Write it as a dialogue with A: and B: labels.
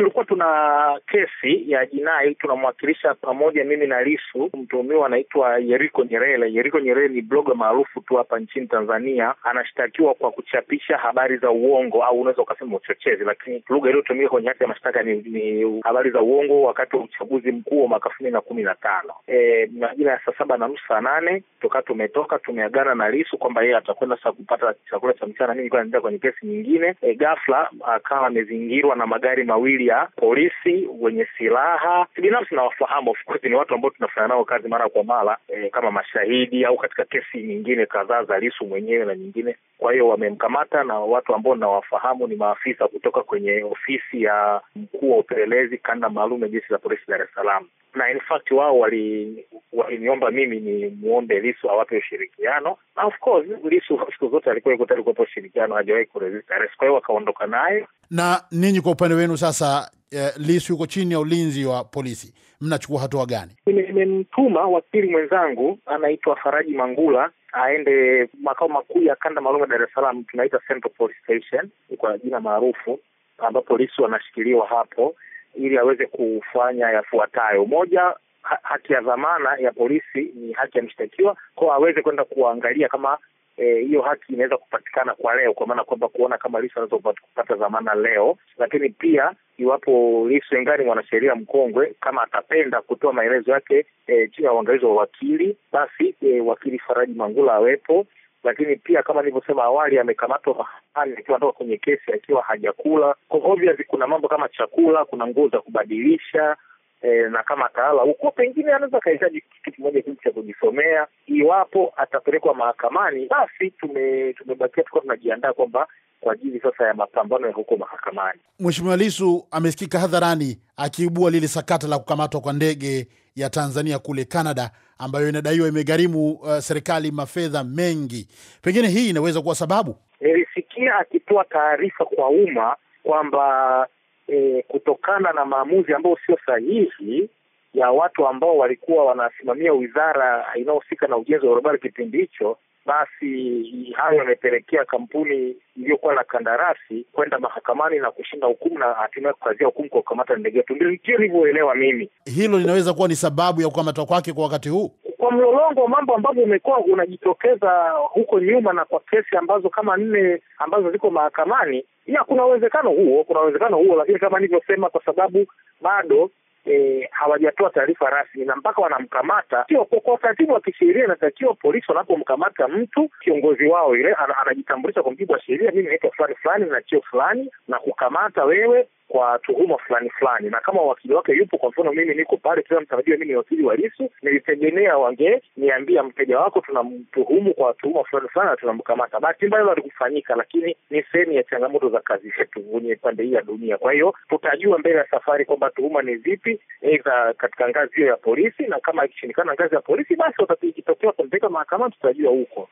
A: tulikuwa tuna kesi ya jinai tunamwakilisha pamoja, mimi na Lisu. Mtuhumiwa anaitwa Yeriko Nyerere. Yeriko Nyerere ni bloga maarufu tu hapa nchini Tanzania. Anashtakiwa kwa kuchapisha habari za uongo au unaweza ukasema uchochezi, lakini lugha iliyotumika kwenye hati ya mashtaka ni, ni habari za uongo wakati wa uchaguzi mkuu wa mwaka elfu mbili na kumi na tano e, majira ya saa saba na nusu saa nane tukaa tumetoka tumeagana na Lisu kwamba yeye atakwenda sa kupata chakula cha mchana, mimi nilikuwa naenda kwenye kesi nyingine. E, ghafla akawa amezingirwa na magari mawili pia polisi wenye silaha binafsi nawafahamu, of course ni watu ambao tunafanya nao kazi mara kwa mara e, kama mashahidi au katika kesi nyingine kadhaa za Lisu mwenyewe na nyingine. Kwa hiyo wamemkamata, na watu ambao nawafahamu ni maafisa kutoka kwenye ofisi ya mkuu wa upelelezi kanda maalum ya jeshi za polisi Dar es Salaam, na in fact wao wali waliniomba mimi ni muombe Lisu awape ushirikiano, na of course Lisu siku zote alikuwa yuko tayari kuwapa ushirikiano, hajawahi kuresist arrest. Kwa hiyo wakaondoka naye.
B: Na ninyi kwa upande wenu sasa, eh, Lisu yuko chini ya ulinzi wa polisi, mnachukua hatua gani? Nimemtuma
A: wakili mwenzangu anaitwa Faraji Mangula aende makao makuu ya kanda maalum ya Dar es Salaam, tunaita Central Police Station kwa jina maarufu, ambapo Lisu anashikiliwa hapo ili aweze kufanya yafuatayo: moja, ha haki ya dhamana ya polisi ni haki ya mshtakiwa, kwa aweze kwenda kuangalia kama e, hiyo e, haki inaweza kupatikana kwa leo, kwa maana kwamba kuona kama lisu anaweza kupata dhamana leo. Lakini pia iwapo lisu ingani mwanasheria mkongwe, kama atapenda kutoa maelezo yake e, chini ya uangalizi wa wakili, basi e, wakili Faraji Mangula awepo lakini pia kama nilivyosema awali, amekamatwa mahakamani akiwa anatoka kwenye kesi akiwa hajakula. Kwa hivyo kuna mambo kama chakula, kuna nguo za kubadilisha, e, na kama ataala huko, pengine anaweza akahitaji kitu kimoja tu cha kujisomea. Iwapo atapelekwa mahakamani, basi tume- tumebakia tukuwa tunajiandaa kwamba kwa ajili sasa ya mapambano ya huko mahakamani.
B: Mheshimiwa Lisu amesikika hadharani akiibua lile sakata la kukamatwa kwa ndege ya Tanzania kule Canada ambayo inadaiwa imegharimu uh, serikali mafedha mengi. Pengine hii inaweza kuwa sababu.
A: Nilisikia akitoa taarifa kwa umma kwamba e, kutokana na maamuzi ambayo sio sahihi ya watu ambao walikuwa wanasimamia wizara inayohusika na ujenzi wa barabara kipindi hicho, basi hayo yamepelekea kampuni iliyokuwa na kandarasi kwenda mahakamani na kushinda hukumu na hatimaye kukazia hukumu
B: kwa kukamata ndege yetu.
A: Ndio nilivyoelewa mimi,
B: hilo linaweza kuwa ni sababu ya kukamatwa kwake kwa wakati huu
A: kwa mlolongo wa mambo ambavyo umekuwa unajitokeza huko nyuma na kwa kesi ambazo kama nne ambazo ziko mahakamani, ya kuna uwezekano huo, kuna uwezekano huo, lakini kama nilivyosema, kwa sababu bado E, hawajatoa taarifa rasmi na mpaka wanamkamata. Sio kwa utaratibu wa kisheria, inatakiwa polisi wanapomkamata mtu kiongozi wao ile anajitambulisha kwa mjibu wa sheria, mimi naitwa fulani fulani na chio fulani, na kukamata wewe kwa tuhuma fulani fulani, na kama wakili wake yupo, kwa mfano mimi niko pale, kila mtu anajua mimi ni wakili wa Lissu, nilitegemea wangeniambia mteja wako tunamtuhumu kwa tuhuma fulani fulani na tunamkamata. Bahati mbaya halikufanyika, lakini ni sehemu ya changamoto za kazi zetu kwenye pande hii ya dunia. Kwa hiyo tutajua mbele ya safari kwamba tuhuma ni zipi, aidha katika ngazi hiyo ya polisi, na kama ikishindikana ngazi ya polisi, basi ikitokea kumpeka mahakamani, tutajua huko.